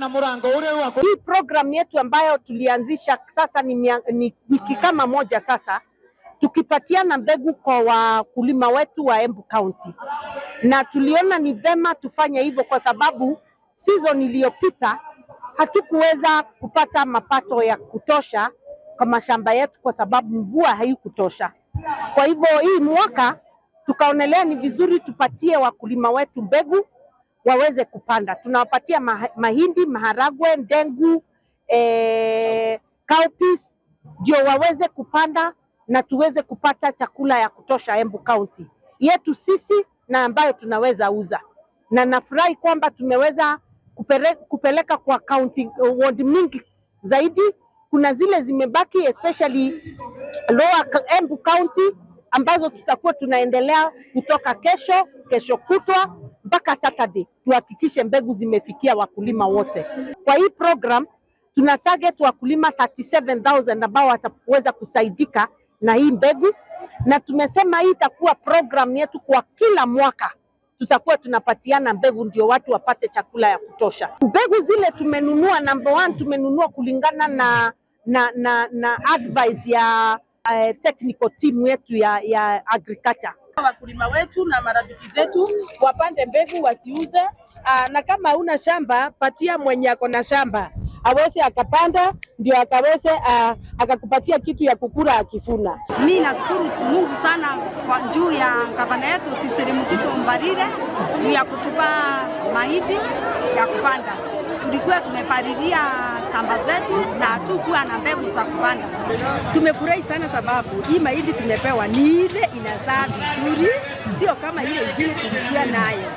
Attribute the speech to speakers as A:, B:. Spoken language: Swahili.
A: na murango ule wako. Hii program yetu ambayo tulianzisha sasa ni, ni wiki ah. kama moja sasa, tukipatiana mbegu kwa wakulima wetu wa Embu County, na tuliona ni vema tufanye hivyo kwa sababu season iliyopita hatukuweza kupata mapato ya kutosha kwa mashamba yetu kwa sababu mvua haikutosha. Kwa hivyo hii mwaka tukaonelea ni vizuri tupatie wakulima wetu mbegu waweze kupanda. Tunawapatia mahindi, maharagwe, ndengu, eh, cowpeas ndio waweze kupanda na tuweze kupata chakula ya kutosha Embu County yetu sisi na ambayo tunaweza uza, na nafurahi kwamba tumeweza kupere, kupeleka kwa county eh, ward mingi zaidi. Kuna zile zimebaki especially lower Embu County ambazo tutakuwa tunaendelea kutoka kesho, kesho kutwa mpaka Saturday tuhakikishe mbegu zimefikia wakulima wote. Kwa hii program tuna target wakulima 37000 ambao wataweza kusaidika na hii mbegu, na tumesema hii itakuwa program yetu kwa kila mwaka tutakuwa tunapatiana mbegu ndio watu wapate chakula ya kutosha. Mbegu zile tumenunua, number one, tumenunua kulingana na na na, na advice ya uh, technical team yetu ya, ya agriculture.
B: Wakulima wetu na marafiki zetu wapande mbegu wasiuze. Uh, na kama huna shamba patia mwenye ako na shamba aweze akapanda ndio akaweze uh, akakupatia kitu ya kukula akifuna.
C: Mimi nashukuru Mungu sana kwa juu ya gavana yetu Sisiri Mutito Mbarire juu ya kutupa mahindi ya kupanda. Tulikuwa tumepalilia shamba zetu na hatukuwa na mbegu za kupanda.
D: Tumefurahi sana sababu hii mahindi tumepewa ni ile inazaa vizuri, sio kama ile ingine tulikuwa nayo.